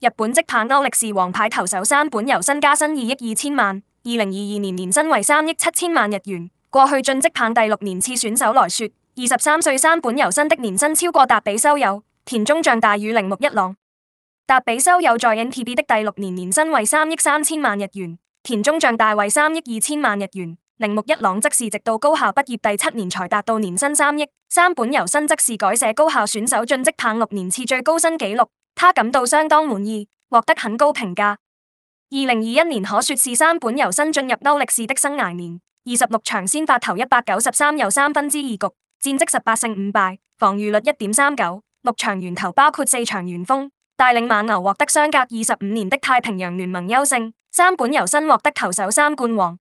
日本職棒歐力士王牌投手山本由伸加薪二億二千萬，二零二二年年薪為三億七千萬日元。過去進職棒第六年次選手來說，二十三歲山本由伸的年薪超過達比修有、田中將大與鈴木一朗。達比修有在 NPB 的第六年年薪為三億三千萬日元，田中將大為三億二千萬日元，鈴木一朗則是直到高校畢業第七年才達到年薪三億。山本由伸則是改寫高校選手進職棒六年次最高薪紀錄。他感到相當滿意，獲得很高評價。二零二一年可說是山本由伸進入歐力士的生涯年，二十六場先發投一百九十三又三分之二局，戰績十八勝五敗，防禦率一點三九，六場完投包括四場完封，帶領猛牛獲得相隔二十五年的太平洋聯盟優勝。山本由伸獲得投手三冠王。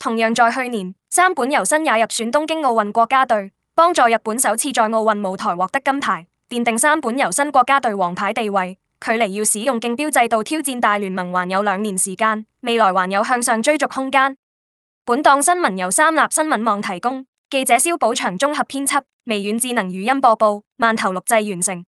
同樣在去年，山本由伸也入選東京奧運國家隊，幫助日本首次在奧運舞台獲得金牌。奠定山本由伸國家隊王牌地位，距離要使用競標制度挑戰大聯盟還有兩年時間，未來還有向上追逐空間。本檔新聞由三立新聞網提供，記者蕭寶祥綜合編輯，微軟智能語音播報，曼頭錄製完成。